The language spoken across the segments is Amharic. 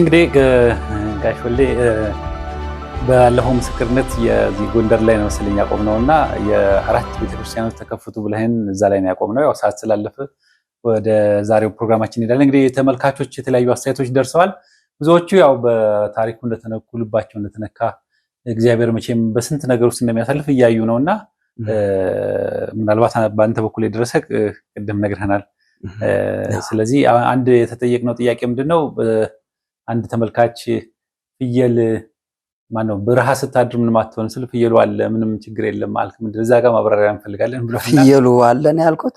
እንግዲህ ጋሽ ወልዴ ባለፈው ምስክርነት የዚህ ጎንደር ላይ ነው መሰለኝ ነው እና የአራት ቤተክርስቲያኖች ተከፍቱ ብለህን እዛ ላይ ነው ነው። ያው ሰዓት ስላለፈ ወደ ዛሬው ፕሮግራማችን ሄዳለን። እንግዲህ የተመልካቾች የተለያዩ አስተያየቶች ደርሰዋል። ብዙዎቹ ያው በታሪኩ እንደተነኩ ልባቸው እንደተነካ እግዚአብሔር መቼም በስንት ነገር ውስጥ እንደሚያሳልፍ እያዩ ነው እና ምናልባት በአንተ በኩል የደረሰ ቅድም ነግረህናል። ስለዚህ አንድ የተጠየቅነው ጥያቄ ምንድን ነው? አንድ ተመልካች ፍየል ማነው በረሃ ስታድር ምንም አትሆን ስል ፍየሉ አለ ምንም ችግር የለም አልክ። ምንድን እዛ ጋር ማብራሪያ እንፈልጋለን ብሎ ፍየሉ አለ ነው ያልኩት።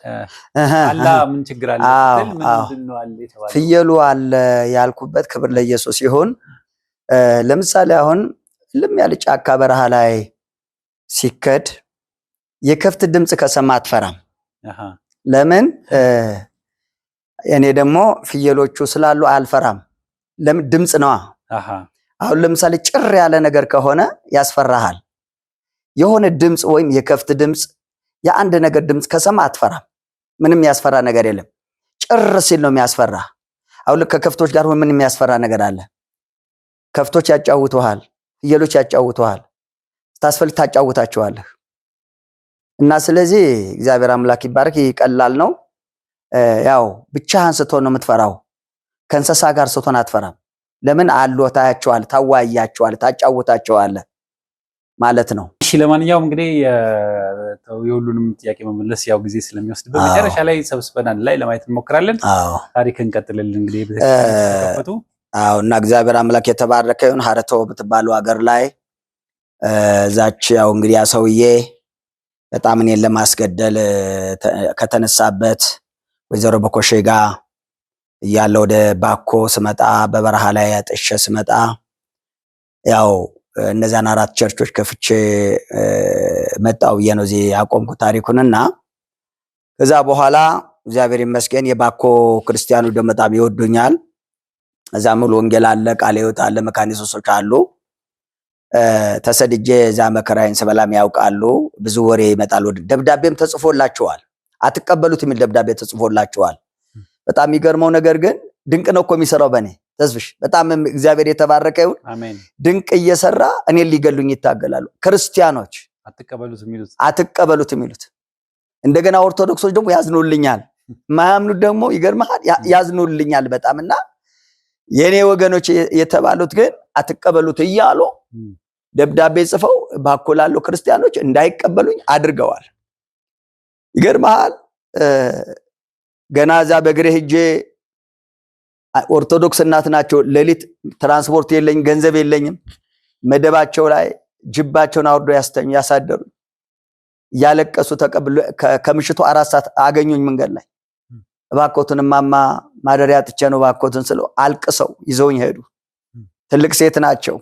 አላ ምን ችግር አለ ፍየሉ አለ ያልኩበት ክብር ለኢየሱስ ይሁን። ለምሳሌ አሁን ልም ያለ ጫካ በረሃ ላይ ሲከድ የከፍት ድምፅ ከሰማ አትፈራም። ለምን እኔ ደግሞ ፍየሎቹ ስላሉ አልፈራም። ድምፅ ነዋ። አሁን ለምሳሌ ጭር ያለ ነገር ከሆነ ያስፈራሃል። የሆነ ድምፅ ወይም የከፍት ድምፅ፣ የአንድ ነገር ድምፅ ከሰማ አትፈራም። ምንም ያስፈራ ነገር የለም። ጭር ሲል ነው የሚያስፈራ። አሁን ከከፍቶች ጋር ምን የሚያስፈራ ነገር አለ? ከፍቶች ያጫውተዋል፣ ፍየሎች ያጫውተዋል። ስታስፈልግ ታጫውታቸዋለህ። እና ስለዚህ እግዚአብሔር አምላክ ይባርክ። ይቀላል ነው ያው ብቻህን ስትሆን ነው የምትፈራው። ከእንስሳ ጋር ስትሆን አትፈራም። ለምን አሎ ታያቸዋል፣ ታዋያቸዋል፣ ታጫውታቸዋል ማለት ነው። እሺ ለማንኛውም እንግዲህ የሁሉንም ጥያቄ መመለስ ያው ጊዜ ስለሚወስድ በመጨረሻ ላይ ሰብስበናል ላይ ለማየት እንሞክራለን። ታሪክ እንቀጥልል እንግዲህ ተከፈቱ። አዎ እና እግዚአብሔር አምላክ የተባረከ ይሁን። ሀረቶ የምትባለው ሀገር ላይ እዛች ያው እንግዲህ ያ ሰውዬ በጣም እኔን ለማስገደል ከተነሳበት ወይዘሮ በኮሼ ጋር እያለ ወደ ባኮ ስመጣ በበረሃ ላይ ያጠሸ ስመጣ ያው እነዚያን አራት ቸርቾች ከፍቼ መጣው ብዬ ነው እዚህ ያቆምኩ ታሪኩንና ከዛ በኋላ እግዚአብሔር ይመስገን የባኮ ክርስቲያኑ ደግሞ በጣም ይወዱኛል። እዛ ሙሉ ወንጌል አለ፣ ቃለ ሕይወት አለ፣ መካነ አሉ። ተሰድጄ እዛ መከራይን ስበላም ያውቃሉ። ብዙ ወሬ ይመጣል። ደብዳቤም ተጽፎላቸዋል። አትቀበሉት የሚል ደብዳቤ ተጽፎላቸዋል። በጣም የሚገርመው ነገር ግን ድንቅ ነው እኮ የሚሰራው በእኔ ተዝብሽ በጣም እግዚአብሔር የተባረከ ይሁን። ድንቅ እየሰራ እኔ ሊገሉኝ ይታገላሉ። ክርስቲያኖች አትቀበሉት የሚሉት እንደገና ኦርቶዶክሶች ደግሞ ያዝኑልኛል፣ ማያምኑት ደግሞ ይገርመሃል ያዝኑልኛል በጣም እና የእኔ ወገኖች የተባሉት ግን አትቀበሉት እያሉ ደብዳቤ ጽፈው ባኮ ላሉ ክርስቲያኖች እንዳይቀበሉኝ አድርገዋል። ይገርመሃል ገና እዛ በእግሬ ሂጄ ኦርቶዶክስ እናት ናቸው። ሌሊት ትራንስፖርት የለኝም፣ ገንዘብ የለኝም። መደባቸው ላይ ጅባቸውን አውርዶ ያስተኙ ያሳደሩ እያለቀሱ ተቀብሎ ከምሽቱ አራት ሰዓት አገኙኝ መንገድ ላይ እባኮትን ማማ ማደሪያ ጥቼ ነው እባኮትን ስለው አልቅሰው ይዘውኝ ሄዱ። ትልቅ ሴት ናቸው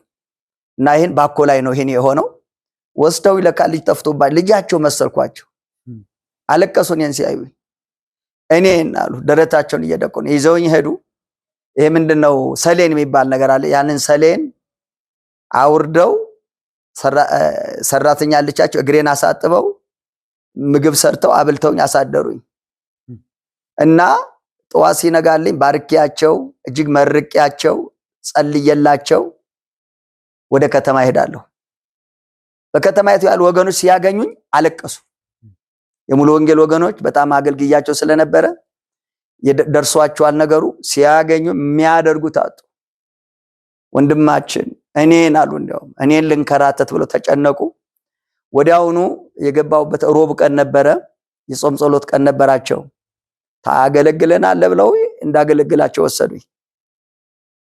እና ይህን ባኮ ላይ ነው ይህን የሆነው ወስደው ይለካ ልጅ ጠፍቶባት ልጃቸው መሰልኳቸው አለቀሱን ይህን ሲያዩኝ እኔን አሉ ደረታቸውን እየደቁ ነው ይዘውኝ ሄዱ። ይሄ ምንድን ነው? ሰሌን የሚባል ነገር አለ። ያንን ሰሌን አውርደው ሰራተኛ አለቻቸው። እግሬን አሳጥበው ምግብ ሰርተው አብልተውኝ አሳደሩኝ እና ጠዋት ሲነጋልኝ ባርኪያቸው እጅግ መርቂያቸው ጸልየላቸው ወደ ከተማ ሄዳለሁ። በከተማይቱ ያሉ ወገኖች ሲያገኙኝ አለቀሱ። የሙሉ ወንጌል ወገኖች በጣም አገልግያቸው ስለነበረ ደርሷቸዋል ነገሩ። ሲያገኙ የሚያደርጉት አጡ። ወንድማችን እኔን አሉ። እንዲያውም እኔን ልንከራተት ብለው ተጨነቁ። ወዲያውኑ የገባሁበት ሮብ ቀን ነበረ። የጾም ጸሎት ቀን ነበራቸው። ታገለግለናል ብለው እንዳገለግላቸው ወሰዱኝ።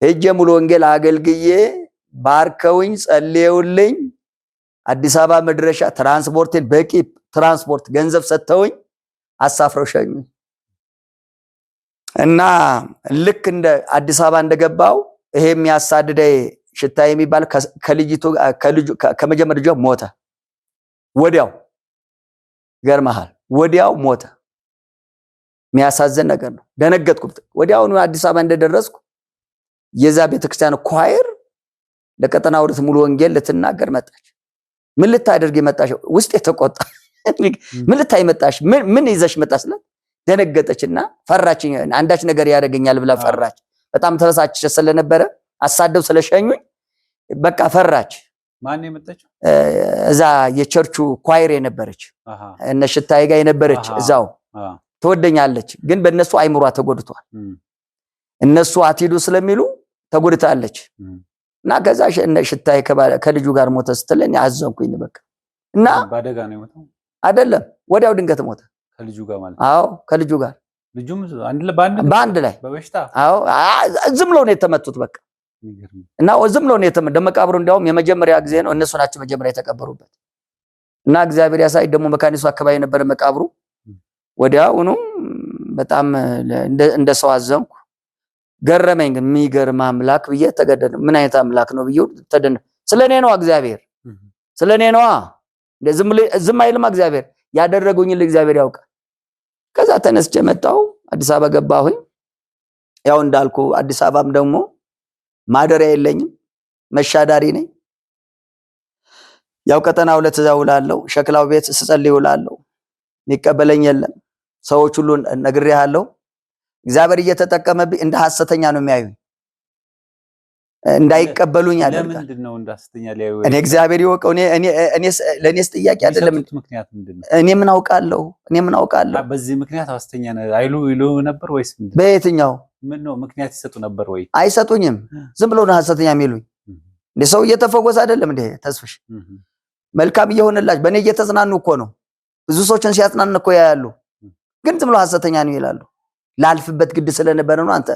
ሄጄ ሙሉ ወንጌል አገልግዬ ባርከውኝ ጸልየውልኝ አዲስ አበባ መድረሻ ትራንስፖርቴን በቂ ትራንስፖርት ገንዘብ ሰጥተውኝ አሳፍረው ሸኙ እና ልክ እንደ አዲስ አበባ እንደገባው ይሄ የሚያሳድደኝ ሽታ የሚባል ከልጅቱ ከመጀመር ልጇ ሞተ። ወዲያው ገርመሃል፣ ወዲያው ሞተ። የሚያሳዝን ነገር ነው። ደነገጥኩ። ወዲያውኑ አዲስ አበባ እንደደረስኩ የዛ ቤተክርስቲያን ኳየር ለቀጠና ውርት ሙሉ ወንጌል ልትናገር መጣች። ምን ልታደርግ የመጣች ውስጥ የተቆጣ ምን ልታይ መጣሽ? ምን ይዘሽ መጣሽ? ደነገጠችና ፈራች። አንዳች ነገር ያደርገኛል ብላ ፈራች። በጣም ተበሳች ስለነበረ አሳደው ስለሸኙኝ በቃ ፈራች። እዛ የቸርቹ ኳይር የነበረች እነ ሽታዬ ጋር የነበረች እዛው ትወደኛለች፣ ግን በእነሱ አይምሯ ተጎድቷል። እነሱ አትሂዱ ስለሚሉ ተጎድታለች። እና ከዛ እነ ሽታዬ ከልጁ ጋር ሞተ ስትለኝ አዘንኩኝ። በቃ እና አይደለም፣ ወዲያው ድንገት ሞተ። ከልጁ ጋር ማለት አዎ፣ ከልጁ ጋር ልጁም በአንድ ላይ በበሽታ አዎ፣ ዝም ብለው ነው የተመቱት። በቃ እና ዝም ብለው ነው የተመቱት። መቃብሩ እንዲያውም የመጀመሪያ ጊዜ ነው፣ እነሱ ናቸው መጀመሪያ የተቀበሩበት። እና እግዚአብሔር ያሳይ ደግሞ መካኒሱ አካባቢ የነበረ መቃብሩ ወዲያውኑ በጣም እንደ ሰው አዘንኩ፣ ገረመኝ። ግን የሚገርም አምላክ ብዬ ተገደደ። ምን አይነት አምላክ ነው ብዬ ተደነ። ስለኔ ነዋ እግዚአብሔር ስለኔ ነዋ ዝም አይልማ እግዚአብሔር። ያደረጉኝ ለእግዚአብሔር ያውቃል። ከዛ ተነስቼ መጣሁ፣ አዲስ አበባ ገባሁኝ። ያው እንዳልኩ አዲስ አበባም ደግሞ ማደሪያ የለኝም፣ መሻዳሪ ነኝ። ያው ቀጠና ሁለት እዛ ውላለሁ፣ ሸክላው ቤት ስጸልይ ውላለሁ። የሚቀበለኝ የለም። ሰዎች ሁሉ ነግሬሃለሁ። እግዚአብሔር እየተጠቀመብኝ እንደ ሐሰተኛ ነው የሚያዩኝ። እንዳይቀበሉኝ አደርጋለሁ። እኔ እግዚአብሔር ይወቀው። ለእኔስ ጥያቄ አይደለም። እኔ ምን አውቃለሁ? እኔ ምን አውቃለሁ? በዚህ ምክንያት ሐሰተኛ አይሉ ይሉ ነበር ወይስ በየትኛው ምክንያት ይሰጡ ነበር ወይ? አይሰጡኝም። ዝም ብሎ ነው ሐሰተኛ የሚሉኝ። እንደ ሰው እየተፈወሰ አይደለም እንደ ተስፍሽ መልካም እየሆነላች በእኔ እየተጽናኑ እኮ ነው። ብዙ ሰዎችን ሲያጽናን እኮ ያያሉ። ግን ዝም ብሎ ሐሰተኛ ነው ይላሉ። ላልፍበት ግድ ስለነበረ ነው። አንተ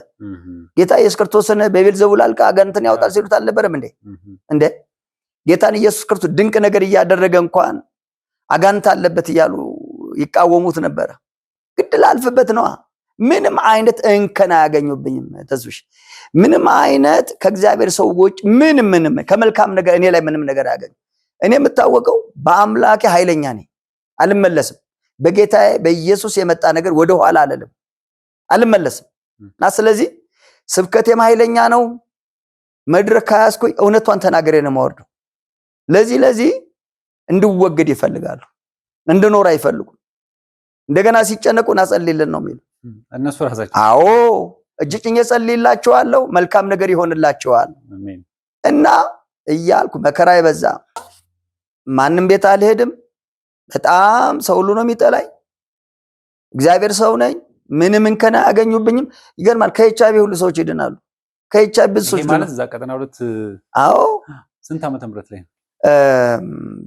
ጌታ ኢየሱስ ክርስቶስን በቤልዜቡል አልቃ አጋንንትን ያወጣል ሲሉት አልነበረም እንዴ? እንዴ ጌታን ኢየሱስ ክርስቶስ ድንቅ ነገር እያደረገ እንኳን አጋንንት አለበት እያሉ ይቃወሙት ነበረ። ግድ ላልፍበት ነዋ። ምንም አይነት እንከን አያገኙብኝም። ተዙሽ ምንም አይነት ከእግዚአብሔር ሰዎች ምንም ምንም ከመልካም ነገር እኔ ላይ ምንም ነገር አያገኙ። እኔ የምታወቀው በአምላኬ ኃይለኛ ነኝ፣ አልመለስም። በጌታዬ በኢየሱስ የመጣ ነገር ወደኋላ አለለም አልመለስም እና ስለዚህ ስብከቴም ኃይለኛ ነው። መድረክ ካያስኩኝ እውነቷን ተናገሬ ነው የማወርደው። ለዚህ ለዚህ እንድወገድ ይፈልጋሉ፣ እንድኖር አይፈልጉም። እንደገና ሲጨነቁ እናጸልይልን ነው የሚሉ እነሱ ራሳቸው። አዎ እጅ ጭኜ ጸልይላቸዋለሁ፣ መልካም ነገር ይሆንላቸዋል እና እያልኩ መከራ የበዛ ማንም ቤት አልሄድም። በጣም ሰው ሁሉ ነው የሚጠላኝ። እግዚአብሔር ሰው ነኝ ምንም እንከና አያገኙብኝም። ይገርማል። ከኤችአይቪ ሁሉ ሰዎች ይድናሉ። ከኤችአይቪ ብዙ ሰዎች ማለት እዛ ቀጠና ሁለት አዎ፣ ስንት ዓመተ ምህረት ላይ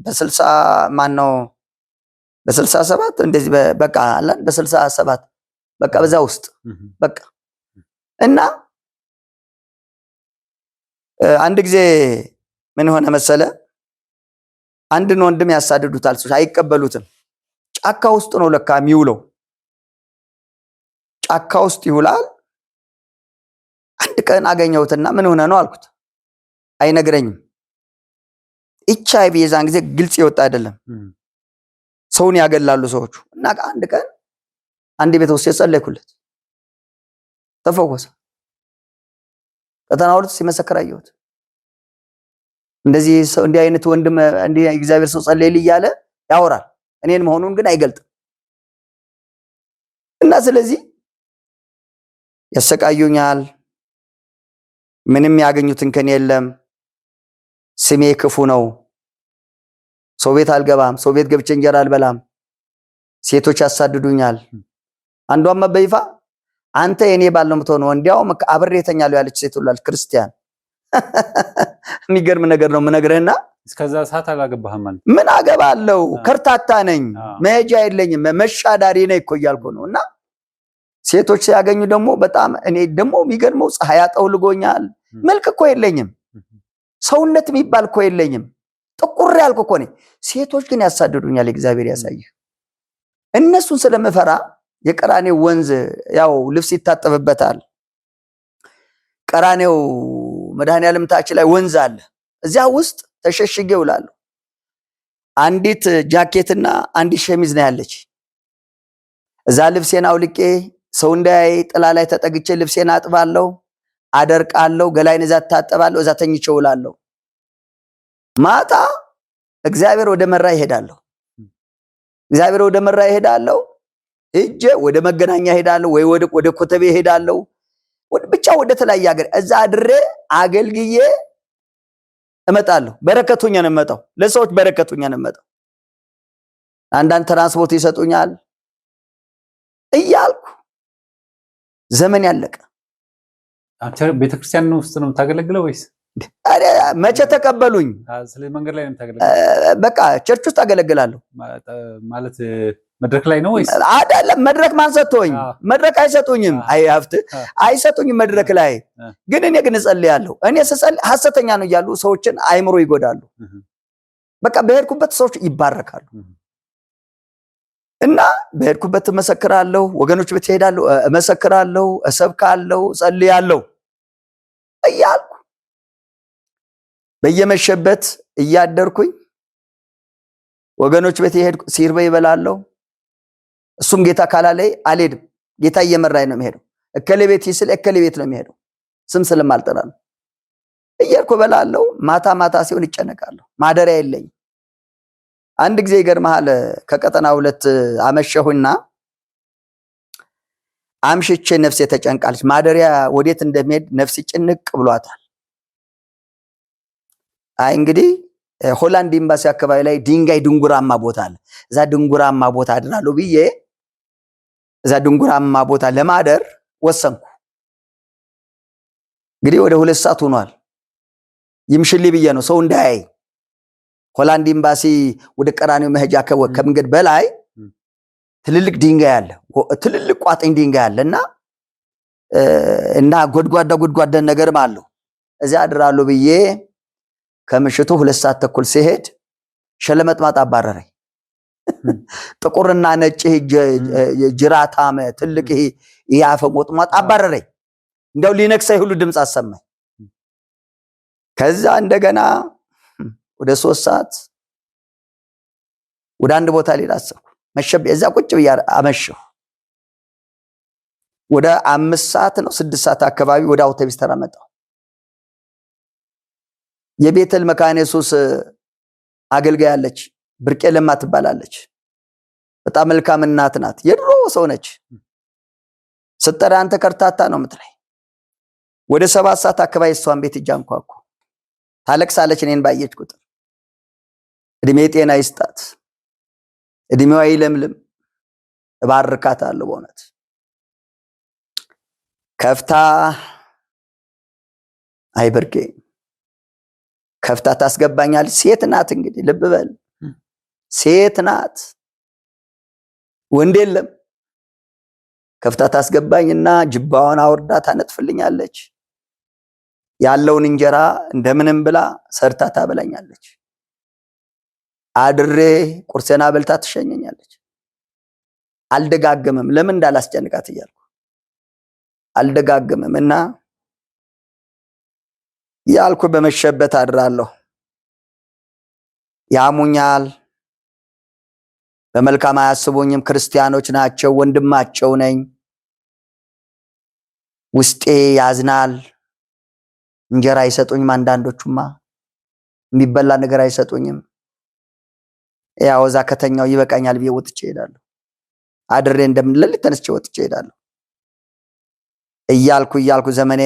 በስልሳ ማን ነው በስልሳ ሰባት እንደዚህ በቃ አለን በስልሳ ሰባት በቃ በዛ ውስጥ በቃ እና አንድ ጊዜ ምን ሆነ መሰለ፣ አንድን ወንድም ያሳድዱታል ሰዎች አይቀበሉትም። ጫካ ውስጥ ነው ለካ የሚውለው ጫካ ውስጥ ይውላል። አንድ ቀን አገኘሁትና ምን ሆነ ነው አልኩት። አይነግረኝም። ኤች አይቪ የዛን ጊዜ ግልጽ የወጣ አይደለም። ሰውን ያገላሉ ሰዎቹ እና አንድ ቀን አንድ ቤት ውስጥ የጸለይኩለት ተፈወሰ። ቀጠና ሁለት ሲመሰክር አየሁት። እንደዚህ ሰው እንዲህ አይነት ወንድም እንዲህ እግዚአብሔር ሰው ጸለይል እያለ ያወራል። እኔን መሆኑን ግን አይገልጥም እና ስለዚህ ያሰቃዩኛል፣ ምንም ያገኙት ከኔ የለም፣ ስሜ ክፉ ነው፣ ሰው ቤት አልገባም፣ ሰው ቤት ገብቼ እንጀራ አልበላም፣ ሴቶች ያሳድዱኛል። አንዷም በይፋ አንተ የኔ ባል ነው የምትሆነው፣ እንዲያውም አብሬ እተኛለሁ ያለች ሴት ሁላለች ክርስቲያን። የሚገርም ነገር ነው የምነግርህና እስከዛ ሰዓት አላገባህም ማለት ምን አገባለው? ከርታታ ነኝ፣ መሄጃ የለኝም፣ መሻዳሪ ነኝ እኮ እያልኩ ነው እና ሴቶች ሲያገኙ ደግሞ በጣም እኔ ደግሞ የሚገርመው ፀሐይ አጠውልጎኛል። መልክ እኮ የለኝም፣ ሰውነት የሚባል እኮ የለኝም። ጥቁር ያልኩ እኮ ነኝ። ሴቶች ግን ያሳድዱኛል። እግዚአብሔር ያሳይህ። እነሱን ስለምፈራ የቀራኔው ወንዝ ያው ልብስ ይታጠብበታል። ቀራኔው መድኃኔዓለም ታች ላይ ወንዝ አለ። እዚያ ውስጥ ተሸሽጌ እውላለሁ። አንዲት ጃኬትና አንዲት ሸሚዝ ነው ያለች። እዛ ልብሴን አውልቄ ሰው እንዳያይ ጥላ ላይ ተጠግቼ ልብሴን አጥባለሁ፣ አደርቃለሁ፣ ገላይን እዛ ታጠባለሁ፣ እዛ ተኝቼ እውላለሁ። ማታ እግዚአብሔር ወደ መራ ይሄዳለሁ። እግዚአብሔር ወደ መራ ይሄዳለሁ። እጄ ወደ መገናኛ ይሄዳለሁ፣ ወይ ወደ ኮተቤ ይሄዳለሁ፣ ብቻ ወደ ተለያየ ሀገር እዛ አድሬ አገልግዬ እመጣለሁ። በረከቱኛ ነው የምመጣው፣ ለሰዎች በረከቱኛ ነው የምመጣው። አንዳንድ ትራንስፖርት ይሰጡኛል እያልኩ ዘመን ያለቀ ቤተክርስቲያን ውስጥ ነው የምታገለግለው ወይስ መቼ ተቀበሉኝ? መንገድ ላይ በቃ ቸርች ውስጥ አገለግላለሁ ማለት መድረክ ላይ ነው ወይስ አይደለም? መድረክ ማን ሰጥቶኝ? መድረክ አይሰጡኝም። አይ ሀብት አይሰጡኝም መድረክ ላይ ግን እኔ ግን እጸልያለሁ። እኔ ስጸል ሀሰተኛ ነው እያሉ ሰዎችን አይምሮ ይጎዳሉ። በቃ በሄድኩበት ሰዎች ይባረካሉ። እና በሄድኩበት እመሰክራለሁ፣ ወገኖች ቤት እሄዳለሁ፣ እመሰክራለሁ፣ እሰብካለሁ፣ ጸልያለሁ እያልኩ በየመሸበት እያደርኩኝ ወገኖች ቤት የሄድኩ ሲርበ ይበላለሁ። እሱም ጌታ ካላለኝ አልሄድም። ጌታ እየመራኝ ነው የሚሄደው። እከሌ ቤት ይስል እከሌ ቤት ነው የሚሄደው። ስም ስልም አልጠራም። እየሄድኩ እበላለሁ። ማታ ማታ ሲሆን ይጨነቃለሁ። ማደሪያ የለኝም። አንድ ጊዜ ይገርመሃል ከቀጠና ሁለት አመሸሁና አምሽቼ ነፍሴ ተጨንቃለች። ማደሪያ ወዴት እንደሚሄድ ነፍሴ ጭንቅ ብሏታል። አይ እንግዲህ ሆላንድ ኤምባሲ አካባቢ ላይ ድንጋይ ድንጉራማ ቦታ አለ። እዛ ድንጉራማ ቦታ አድራለሁ ብዬ እዛ ድንጉራማ ቦታ ለማደር ወሰንኩ። እንግዲህ ወደ ሁለት ሰዓት ሆኗል። ይምሽልኝ ብዬ ነው ሰው እንዳያይ ሆላንድ ኤምባሲ ወደ ቀራኒው መሄጃ ከመንገድ በላይ ትልልቅ ድንጋይ አለ፣ ትልልቅ ቋጥኝ ድንጋይ አለ እና እና ጎድጓዳ ጎድጓዳን ነገርም አለው። እዚያ አድራለሁ ብዬ ከምሽቱ ሁለት ሰዓት ተኩል ሲሄድ ሸለመጥማጥ አባረረኝ። ጥቁርና ነጭ ጅራታም ትልቅ ይሄ አፈሞጥማጥ አባረረኝ። እንደው ሊነክሰኝ ሁሉ ድምፅ አሰማኝ። ከዛ እንደገና ወደ ሶስት ሰዓት ወደ አንድ ቦታ ሌላ አሰብኩ። መሸብ የዛ ቁጭ ብዬ አመሸሁ። ወደ አምስት ሰዓት ነው ስድስት ሰዓት አካባቢ ወደ አውቶቢስ ተራ መጣሁ። የቤተል መካነ ኢየሱስ አገልጋይ አለች፣ ብርቄ ለማ ትባላለች። በጣም መልካም እናት ናት። የድሮ ሰው ነች። ስጠራ አንተ ከርታታ ነው ምትለይ። ወደ ሰባት ሰዓት አካባቢ እሷን ቤት እጃንኳኩ ታለቅሳለች። እኔን ባየች ቁጥር እድሜ ጤና ይስጣት፣ እድሜዋ ይለምልም። እባርካታለሁ በእውነት ከፍታ አይበርጌ ከፍታ ታስገባኛለች። ሴት ናት እንግዲህ ልብ በል ሴት ናት፣ ወንድ የለም። ከፍታ ታስገባኝና ጅባዋን አውርዳ ታነጥፍልኛለች። ያለውን እንጀራ እንደምንም ብላ ሰርታ ታበላኛለች። አድሬ ቁርሴን አበልታ ትሸኘኛለች። አልደጋገምም ለምን እንዳላስጨንቃት እያልኩ አልደጋገምም እና ያልኩ በመሸበት አድራለሁ። ያሙኛል፣ በመልካም አያስቡኝም። ክርስቲያኖች ናቸው፣ ወንድማቸው ነኝ። ውስጤ ያዝናል። እንጀራ አይሰጡኝም። አንዳንዶቹማ የሚበላ ነገር አይሰጡኝም። ያው እዛ ከተኛው ይበቃኛል ብዬ ወጥቼ እሄዳለሁ። አድሬ እንደምንለልት ተነስቼ ወጥቼ እሄዳለሁ እያልኩ እያልኩ ዘመኔ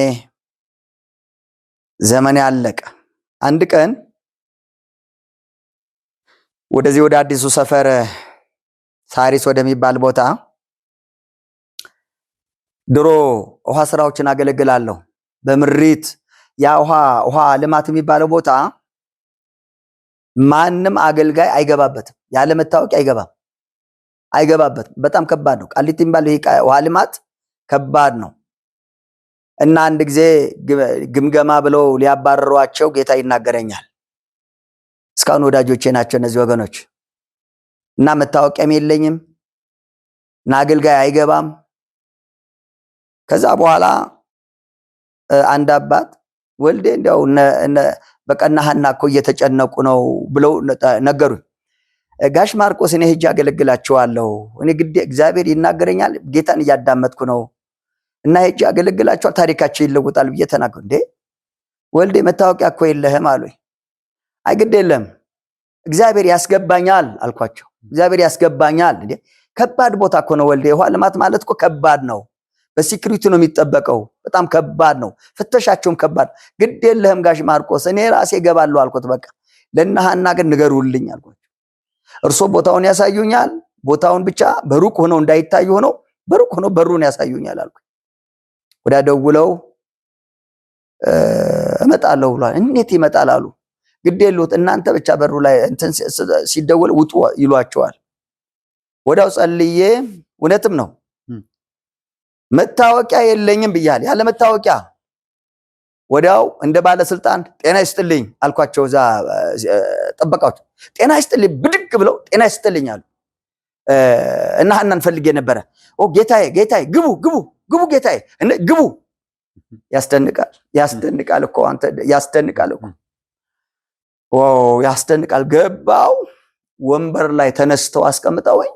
ዘመኔ አለቀ። አንድ ቀን ወደዚህ ወደ አዲሱ ሰፈር ሳሪስ ወደሚባል ቦታ ድሮ ውሃ ስራዎችን አገለግላለሁ በምሪት ያ ውሃ ውሃ ልማት የሚባለው ቦታ ማንም አገልጋይ አይገባበትም። ያለ መታወቂያ አይገባም አይገባበትም። በጣም ከባድ ነው። ቃሊቲ የሚባለው ይሄ ውሃ ልማት ከባድ ነው እና አንድ ጊዜ ግምገማ ብለው ሊያባረሯቸው ጌታ ይናገረኛል። እስካሁን ወዳጆቼ ናቸው እነዚህ ወገኖች እና መታወቂያም የለኝም እና አገልጋይ አይገባም። ከዛ በኋላ አንድ አባት ወልዴ እንዲያው በቃ እኮ እየተጨነቁ ነው ብለው ነገሩኝ። ጋሽ ማርቆስ እኔ ሄጄ አገለግላቸዋለሁ። እኔ ግዴ እግዚአብሔር ይናገረኛል፣ ጌታን እያዳመጥኩ ነው እና ሄጄ አገለግላቸዋል፣ ታሪካቸው ይለወጣል ብዬ ተናገሩ። እንዴ ወልዴ መታወቂያ እኮ የለህም አሉኝ። አይ ግድ የለም እግዚአብሔር ያስገባኛል አልኳቸው። እግዚአብሔር ያስገባኛል። ከባድ ቦታ እኮ ነው ወልዴ፣ የውሃ ልማት ማለት እኮ ከባድ ነው። በሲክሪቲ ነው የሚጠበቀው። በጣም ከባድ ነው፣ ፍተሻቸውም ከባድ ነው። ግድ የለህም ጋሽ ማርቆስ እኔ ራሴ እገባለሁ አልኩት። በቃ ለናሃና ግን ንገሩልኝ አልኳቸው። እርሶ ቦታውን ያሳዩኛል፣ ቦታውን ብቻ በሩቅ ሆነው እንዳይታዩ ሆነው በሩቅ ሆነው በሩን ያሳዩኛል አልኩ። ወዲያ ደውለው እመጣለሁ ብሏል። እንዴት ይመጣል አሉ። ግድ የሉት እናንተ ብቻ በሩ ላይ ሲደወል ውጡ ይሏቸዋል። ወዲያው ጸልዬ እውነትም ነው መታወቂያ የለኝም ብያል። ያለ መታወቂያ ወዲያው እንደ ባለስልጣን ጤና ይስጥልኝ አልኳቸው። እዛ ጠበቃዎች ጤና ይስጥልኝ ብድግ ብለው ጤና ይስጥልኝ አሉ እና እናንፈልግ ፈልጌ ነበረ። ጌታዬ ጌታዬ፣ ግቡ ግቡ ግቡ፣ ጌታዬ ግቡ። ያስደንቃል ያስደንቃል እኮ አንተ ያስደንቃል እኮ ዋው፣ ያስደንቃል። ገባው ወንበር ላይ ተነስተው አስቀምጠውኝ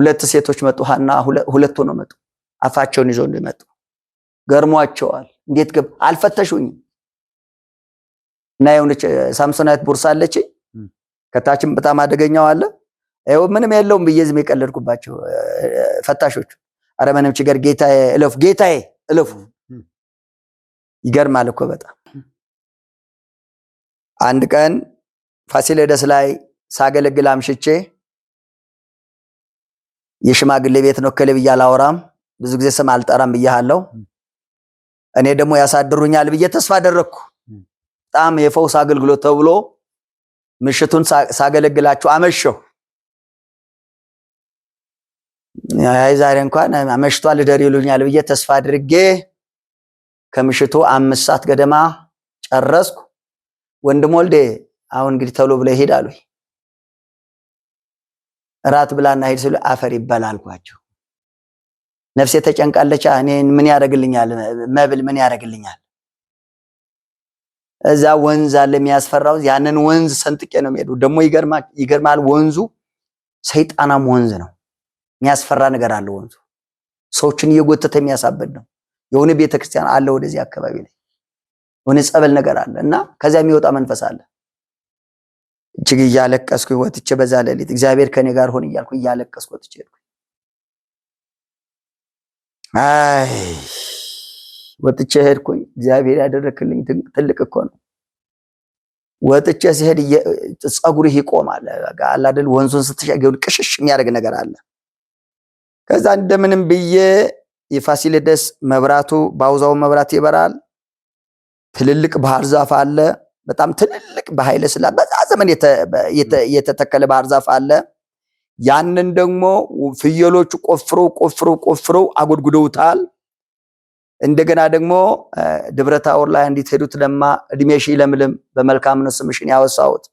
ሁለት ሴቶች መጡ። ሀና ሁለት ሆነው መጡ። አፋቸውን ይዞ እንዲመጡ ገርሟቸዋል። እንዴት ገብ አልፈተሹኝም። እና የሆነች ሳምሶናይት ቦርሳ አለች፣ ከታችም በጣም አደገኛው አለ። ይኸው ምንም የለውም ብዬ ዝም የቀለድኩባቸው ፈታሾቹ። ምንም ችግር ጌታዬ እለፉ፣ ጌታዬ እለፉ። ይገርማል እኮ በጣም አንድ ቀን ፋሲለደስ ላይ ሳገለግል አምሽቼ የሽማግሌ ቤት ነው እከሌ ብዬ አላወራም። ብዙ ጊዜ ስም አልጠራም ብያለሁ። እኔ ደግሞ ያሳድሩኛል ብዬ ተስፋ አደረግኩ። በጣም የፈውስ አገልግሎት ተብሎ ምሽቱን ሳገለግላችሁ አመሸሁ። አይ ዛሬ እንኳን አመሽቷ እደር ይሉኛል ብዬ ተስፋ አድርጌ ከምሽቱ አምስት ሰዓት ገደማ ጨረስኩ። ወንድም ወልዴ አሁን እንግዲህ ተሎ ብለህ እራት ብላና ሄድ ስሉ አፈር ይበላ አልኳቸው። ነፍሴ ተጨንቃለች። እኔን ምን ያደርግልኛል? መብል ምን ያደርግልኛል? እዛ ወንዝ አለ የሚያስፈራው። ያንን ወንዝ ሰንጥቄ ነው የሚሄዱ። ደግሞ ይገርማል። ወንዙ ሰይጣናም ወንዝ ነው። የሚያስፈራ ነገር አለ ወንዙ። ሰዎችን እየጎተተ የሚያሳብድ ነው። የሆነ ቤተክርስቲያን አለ ወደዚህ አካባቢ ላይ የሆነ ጸበል ነገር አለ እና ከዚያ የሚወጣ መንፈስ አለ እጅግ እያለቀስኩ ወጥቼ በዛ ሌሊት እግዚአብሔር ከኔ ጋር ሆን እያልኩ እያለቀስኩ ወጥቼ ሄድኩኝ። አይ ወጥቼ ሄድኩኝ። እግዚአብሔር ያደረክልኝ ትልቅ እኮ ነው። ወጥቼ ሲሄድ ፀጉርህ ይቆማል። አለ አይደል? ወንዙን ስትሻገር ቅሽሽ የሚያደርግ ነገር አለ። ከዛ እንደምንም ብዬ የፋሲለደስ መብራቱ በአውዛው መብራት ይበራል። ትልልቅ ባህር ዛፍ አለ። በጣም ትልልቅ በኃይለ ስላሴ በዛ ዘመን የተተከለ ባህር ዛፍ አለ። ያንን ደግሞ ፍየሎቹ ቆፍረው ቆፍረው ቆፍረው አጎድጉደውታል። እንደገና ደግሞ ደብረ ታቦር ላይ አንዲት ሄዱት ለማ እድሜሽ ይለምልም በመልካም ነው ስምሽን ያወሳውት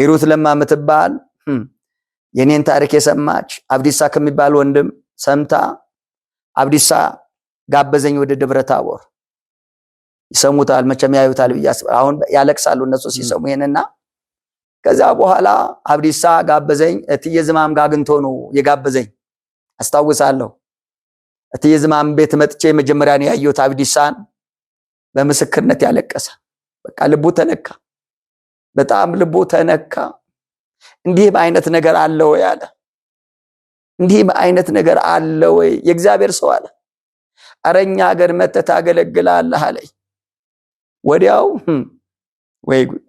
ሄሩት ለማ የምትባል የኔን ታሪክ የሰማች አብዲሳ ከሚባል ወንድም ሰምታ አብዲሳ ጋበዘኝ ወደ ደብረ ታቦር ይሰሙታል፣ መቼም ያዩታል ብዬ አስባለሁ። አሁን ያለቅሳሉ እነሱ ሲሰሙ ይሄንና ከዛ በኋላ አብዲሳ ጋበዘኝ። እትዬ ዝማም ጋር አግኝቶ ነው የጋበዘኝ አስታውሳለሁ። እትዬ ዝማም ቤት መጥቼ መጀመሪያ ነው ያየሁት አብዲሳን በምስክርነት ያለቀሰ። በቃ ልቡ ተነካ፣ በጣም ልቡ ተነካ። እንዲህም አይነት ነገር አለ ወይ አለ። እንዲህም አይነት ነገር አለ ወይ የእግዚአብሔር ሰው አለ። አረኛ ሀገር መተህ ታገለግላለህ አለኝ። ወዲያው ወይ ጉድ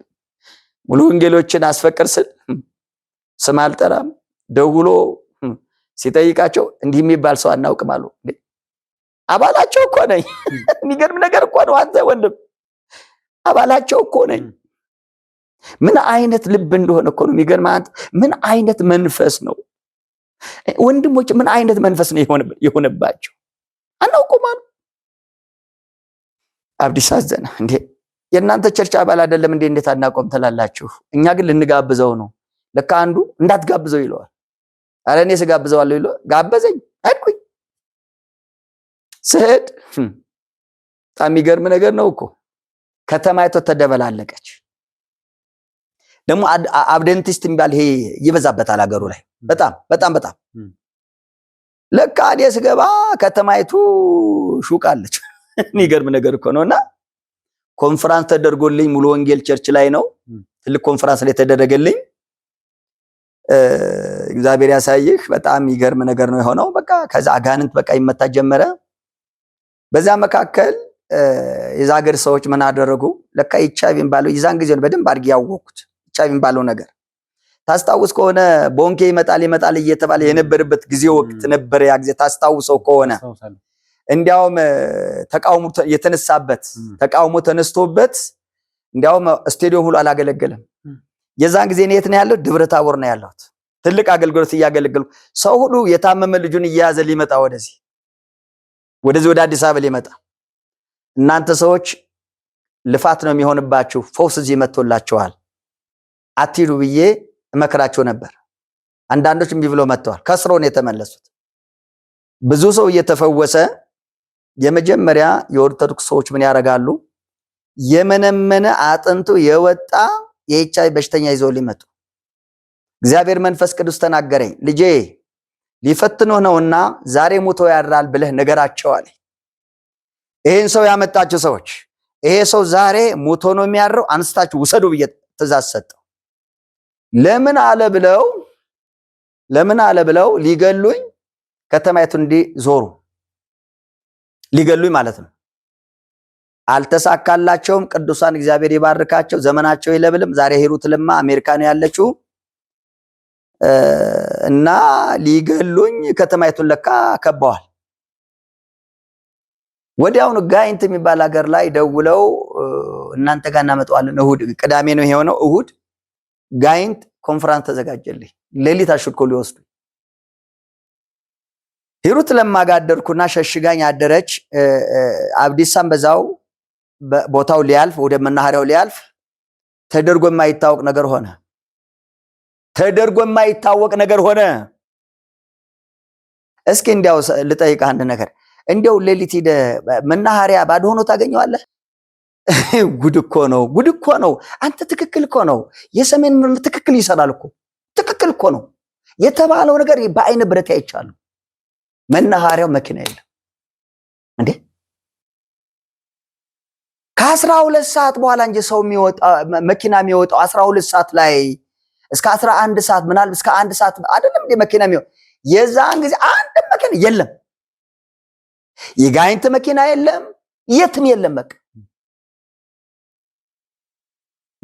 ሙሉ ወንጌሎችን አስፈቅር ስል ስም አልጠራም ደውሎ ሲጠይቃቸው እንዲህ የሚባል ሰው አናውቅም አሉ። አባላቸው እኮ ነኝ። የሚገርም ነገር እኮ ነው። አንተ ወንድም አባላቸው እኮ ነኝ። ምን አይነት ልብ እንደሆነ እኮ ነው የሚገርም። አንተ ምን አይነት መንፈስ ነው ወንድሞች፣ ምን አይነት መንፈስ ነው የሆነባቸው? አናውቅም አሉ። አብዲስ አዘነ እንዴ የእናንተ ቸርች አባል አይደለም እንዴ? እንዴት አናቆም ትላላችሁ? እኛ ግን ልንጋብዘው ነው። ለካ አንዱ እንዳትጋብዘው ይለዋል። አረ እኔ ስጋብዘዋለሁ ይለዋል። ጋበዘኝ አድኩኝ ስሄድ hm፣ በጣም የሚገርም ነገር ነው እኮ ከተማይቶ ተደበላለቀች። ደግሞ አብደንቲስት የሚባል ይሄ ይበዛበታል አገሩ ላይ በጣም በጣም በጣም hm። ለካ እኔ ስገባ ከተማይቱ ሹቃለች። የሚገርም ነገር እኮ ነው። እና ኮንፍራንስ ተደርጎልኝ ሙሉ ወንጌል ቸርች ላይ ነው ትልቅ ኮንፍራንስ ላይ ተደረገልኝ። እግዚአብሔር ያሳይህ። በጣም የሚገርም ነገር ነው የሆነው። በቃ ከዛ አጋንንት በቃ ይመታ ጀመረ። በዛ መካከል የዛ ሀገር ሰዎች ምን አደረጉ? ለካ ኤችአይቪን ባለው የዛን ጊዜ ነው በደንብ አድርጌ ያወቅኩት ኤችአይቪን ባለው ነገር ታስታውስ ከሆነ ቦንኬ ይመጣል ይመጣል እየተባለ የነበረበት ጊዜ ወቅት ነበረ። ያ ጊዜ ታስታውሰው ከሆነ እንዲያውም ተቃውሞ የተነሳበት ተቃውሞ ተነስቶበት እንዲያውም ስቴዲየም ሁሉ አላገለገለም። የዛን ጊዜ እኔ የት ነው ያለው? ደብረ ታቦር ነው ያለሁት። ትልቅ አገልግሎት እያገለገሉ ሰው ሁሉ የታመመ ልጁን እየያዘ ሊመጣ ወደዚህ ወደዚህ ወደ አዲስ አበባ ሊመጣ እናንተ ሰዎች ልፋት ነው የሚሆንባችሁ፣ ፈውስ እዚህ መጥቶላችኋል፣ አትሂዱ ብዬ እመክራቸው ነበር። አንዳንዶች እምቢ ብሎ መጥተዋል። ከስሮ ነው የተመለሱት። ብዙ ሰው እየተፈወሰ የመጀመሪያ የኦርቶዶክስ ሰዎች ምን ያደርጋሉ? የመነመነ አጥንቱ የወጣ የኤች አይ በሽተኛ ይዘው ሊመጡ እግዚአብሔር መንፈስ ቅዱስ ተናገረኝ። ልጄ ሊፈትኖህ ነውና ዛሬ ሙቶ ያድራል ብለህ ነገራቸው አለ። ይህን ሰው ያመጣቸው ሰዎች ይሄ ሰው ዛሬ ሙቶ ነው የሚያድረው፣ አንስታችሁ ውሰዱ ብዬ ትእዛዝ ሰጠው። ለምን አለ ብለው ለምን አለ ብለው ሊገሉኝ ከተማየቱ እንዲዞሩ? ዞሩ። ሊገሉኝ ማለት ነው። አልተሳካላቸውም። ቅዱሳን እግዚአብሔር ይባርካቸው፣ ዘመናቸው ይለብልም። ዛሬ ሂሩት ለማ አሜሪካ ነው ያለችው እና ሊገሉኝ ከተማይቱን ለካ ከበዋል። ወዲያውኑ ጋይንት የሚባል ሀገር ላይ ደውለው እናንተ ጋር እናመጣዋለን። እሁድ ቅዳሜ ነው የሆነው። እሁድ ጋይንት ኮንፈራንስ ተዘጋጀልኝ። ሌሊት አሽኮ ሊወስዱ ሂሩት ለማጋደርኩና ሸሽጋኝ አደረች። አብዲሳም በዛው ቦታው ሊያልፍ ወደ መናኸሪያው ሊያልፍ ተደርጎ የማይታወቅ ነገር ሆነ። ተደርጎ የማይታወቅ ነገር ሆነ። እስኪ እንዲያው ልጠይቅ አንድ ነገር፣ እንዲያው ሌሊት ሂደህ መናኸሪያ ባዶ ሆኖ ታገኘዋለህ? ጉድ እኮ ነው፣ ጉድ እኮ ነው። አንተ ትክክል እኮ ነው። የሰሜን ትክክል ይሰራል እኮ፣ ትክክል እኮ ነው የተባለው ነገር በአይነ ብረት ያይቻሉ። መናኸሪያው መኪና የለም እንዴ? ከአስራ ሁለት ሰዓት በኋላ እንጂ ሰው መኪና የሚወጣው አስራ ሁለት ሰዓት ላይ እስከ አስራ አንድ ሰዓት ምናልባት እስከ አንድ ሰዓት አይደለም እንዴ መኪና የሚወጣው? የዛን ጊዜ አንድ መኪና የለም፣ የጋይንት መኪና የለም፣ የትም የለም። በቃ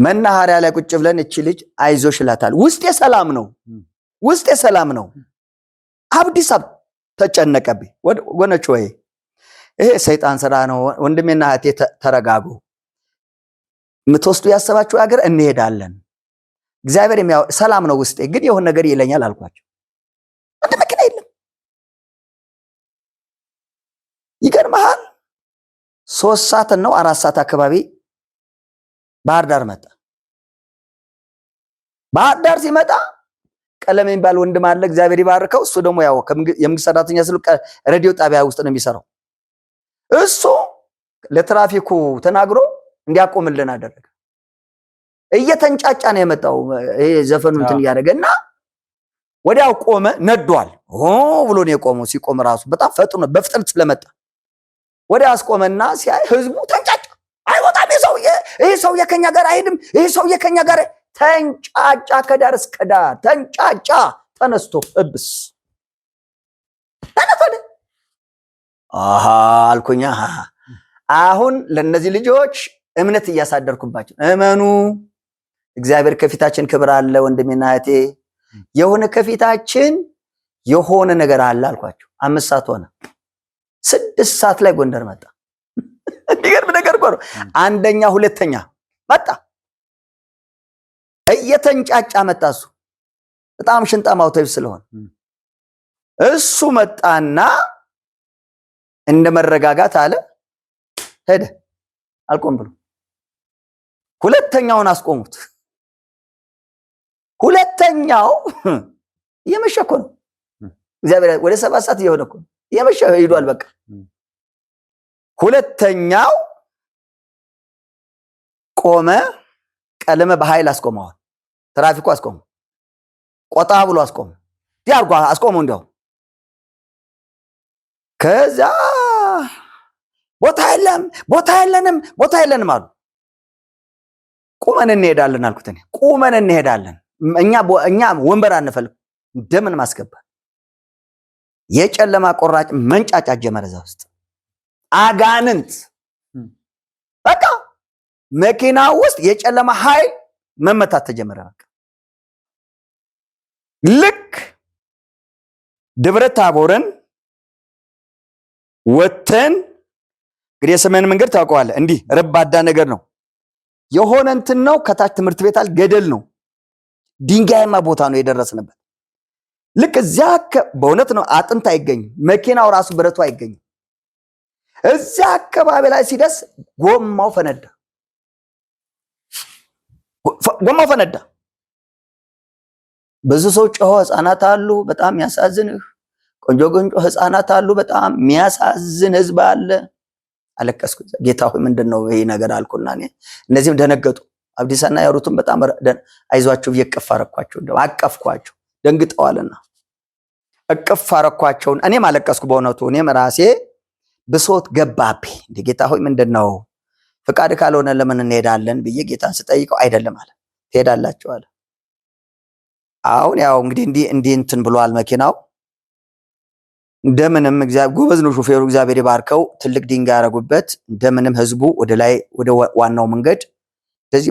መናኸሪያ ላይ ቁጭ ብለን እቺ ልጅ አይዞሽ እላታለሁ። ውስጤ ሰላም ነው፣ ውስጤ ሰላም ነው። አብዲስ አበባ ተጨነቀብኝ። ወነች ወይ ይሄ ሰይጣን ስራ ነው። ወንድሜና እህቴ ተረጋጉ። የምትወስዱ ያሰባችሁ ሀገር እንሄዳለን። እግዚአብሔር ሰላም ነው ውስጤ፣ ግን የሆን ነገር ይለኛል አልኳቸው። አንድ መኪና የለም። ይገርመሃል፣ ሶስት ሰዓት ነው አራት ሰዓት አካባቢ ባህር ዳር መጣ። ባህር ዳር ሲመጣ ቀለም የሚባል ወንድም አለ፣ እግዚአብሔር ይባርከው። እሱ ደግሞ ያው የመንግስት ሰራተኛ ስሉ ሬዲዮ ጣቢያ ውስጥ ነው የሚሰራው። እሱ ለትራፊኩ ተናግሮ እንዲያቆምልን አደረገ። እየተንጫጫ ነው የመጣው ይሄ ዘፈኑ እንትን እያደረገ እና ወዲያው ቆመ። ነዷል ሆ ብሎ ነው የቆመው። ሲቆም ራሱ በጣም ፈጥኖ በፍጥነት ስለመጣ ወዲያ አስቆመና ሲያይ ህዝቡ ተንጫጫ። አይወጣም ይህ ሰውዬ ከኛ ጋር አይሄድም፣ ይህ ሰውዬ ከኛ ጋር ተንጫጫ፣ ከዳር እስከ ዳር ተንጫጫ። ተነስቶ እብስ ተነፈደ አልኩኛ። አሁን ለእነዚህ ልጆች እምነት እያሳደርኩባቸው እመኑ፣ እግዚአብሔር ከፊታችን ክብር አለ። ወንድሜና እህቴ የሆነ ከፊታችን የሆነ ነገር አለ አልኳቸው። አምስት ሰዓት ሆነ። ስድስት ሰዓት ላይ ጎንደር መጣ። የሚገርም ነገር እኮ ነው። አንደኛ ሁለተኛ መጣ እየተንጫጫ መጣ። እሱ በጣም ሽንጠማው ተይብ ስለሆነ እሱ መጣና እንደ መረጋጋት አለ ሄደ። አልቆም ብሎ ሁለተኛውን አስቆሙት። ሁለተኛው እየመሸ እኮ ነው፣ እግዚአብሔር ወደ ሰባት ሰዓት እየሆነ እኮ ነው፣ እየመሸ ሂዷል። በቃ ሁለተኛው ቆመ፣ ቀለመ፣ በኃይል አስቆመዋል። ትራፊኩ አስቆሙ። ቆጣ ብሎ አስቆሙ። ዲያርጎ አድርጎ አስቆሙ። እንዲያው ከዛ ቦታ የለም ቦታ የለንም ቦታ የለንም አሉ። ቁመን እንሄዳለን አልኩት እኔ ቁመን እንሄዳለን እኛ እኛ ወንበር አንፈልግ እንደምን ማስገባ የጨለማ ቆራጭ መንጫጫት ጀመረ እዛ ውስጥ አጋንንት በቃ መኪና ውስጥ የጨለማ ኃይል መመታት ተጀመረ በቃ ልክ ደብረ ታቦርን ወተን እንግዲህ የሰሜን መንገድ ታውቀዋለህ። እንዲህ ረባዳ ነገር ነው። የሆነ እንትን ነው። ከታች ትምህርት ቤት አለ፣ ገደል ነው፣ ድንጋያማ ቦታ ነው የደረስንበት። ልክ እዚያ በእውነት ነው አጥንት አይገኝም። መኪናው ራሱ ብረቱ አይገኝም። እዚያ አካባቢ ላይ ሲደርስ ጎማው ፈነዳ፣ ጎማው ፈነዳ። ብዙ ሰው ጮሆ ህፃናት አሉ። በጣም ያሳዝንህ። ቆንጆ ቆንጆ ህፃናት አሉ። በጣም የሚያሳዝን ህዝብ አለ። አለቀስኩ። ጌታ ሆይ ምንድን ነው ይሄ ነገር አልኩና እኔ እነዚህም ደነገጡ። አብዲሳና ያሩትም በጣም አይዟቸው ብዬ እቅፍ አረኳቸው፣ እንደው አቀፍኳቸው። ደንግጠዋልና እቅፍ አረኳቸውን። እኔም አለቀስኩ በእውነቱ እኔም ራሴ ብሶት ገባቤ እንደ ጌታ ሆይ ምንድን ነው ፍቃድ ካልሆነ ለምን እንሄዳለን ብዬ ጌታን ስጠይቀው አይደለም አለ ትሄዳላችሁ አለ አሁን ያው እንግዲህ እንዲህ እንዲህ እንትን ብሏል መኪናው እንደምንም እግዚአብሔር ጎበዝ ነው ሹፌሩ፣ እግዚአብሔር ይባርከው። ትልቅ ድንጋይ ያደረጉበት እንደምንም ህዝቡ ወደ ላይ ወደ ዋናው መንገድ እንደዚህ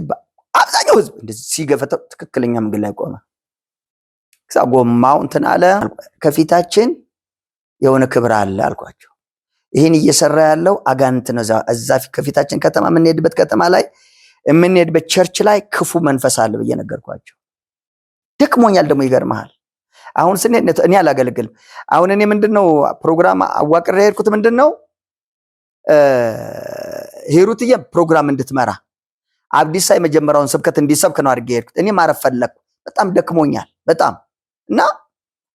አብዛኛው ህዝብ እንደዚህ ሲገፈተው ትክክለኛ መንገድ ላይ ቆመ። ከዛ ጎማው እንትን አለ። ከፊታችን የሆነ ክብር አለ አልኳቸው። ይህን እየሰራ ያለው አጋንንት ነው። እዛ ከፊታችን ከተማ የምንሄድበት ከተማ ላይ የምንሄድበት ቸርች ላይ ክፉ መንፈስ አለ ብዬ ነገርኳቸው። ደክሞኛል ደግሞ ይገርመሃል። አሁን ስንሄድ እኔ አላገለግልም። አሁን እኔ ምንድን ነው ፕሮግራም አዋቅሬ ሄድኩት። ምንድን ነው ሄሩትዬ ፕሮግራም እንድትመራ አብዲሳ የመጀመሪያውን ስብከት እንዲሰብክ ነው አድርጌ ሄድኩት። እኔ ማረፍ ፈለግኩ። በጣም ደክሞኛል በጣም እና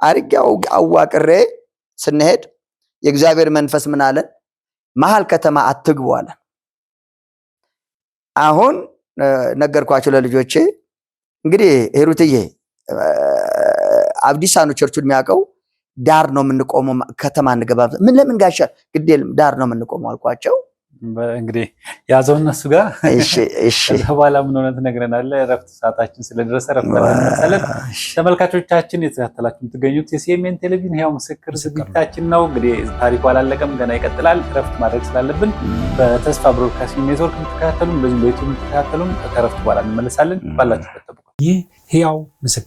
አድርጌ አዋቅሬ ስንሄድ የእግዚአብሔር መንፈስ ምን አለ? መሀል ከተማ አትግቡ አሁን ነገርኳቸው ለልጆቼ እንግዲህ ሄሩትዬ አብዲሳ ነው ቸርቹን የሚያውቀው። ዳር ነው የምንቆመው፣ ከተማ እንገባ። ምን ለምን ጋሻ ግዴለም፣ ዳር ነው የምንቆመው አልኳቸው። እንግዲህ ያዘው እነሱ ጋር በኋላ ምን ሆነ ነግረናል። እረፍት ሰዓታችን ስለደረሰ እረፍት መሰለን። ተመልካቾቻችን የተከታተላችሁ የምትገኙት የሲኤምኤን ቴሌቪዥን ህያው ምስክር ዝግጅታችን ነው። እንግዲህ ታሪኩ አላለቀም፣ ገና ይቀጥላል። እረፍት ማድረግ ስላለብን በተስፋ ብሮድካስቲንግ ኔትወርክ የምትከታተሉም፣ በዚሁም በዩቱብ የምትከታተሉም ከእረፍት በኋላ እንመለሳለን። ባላችሁበት ጠብቁ። ይህ ህያው ምስክር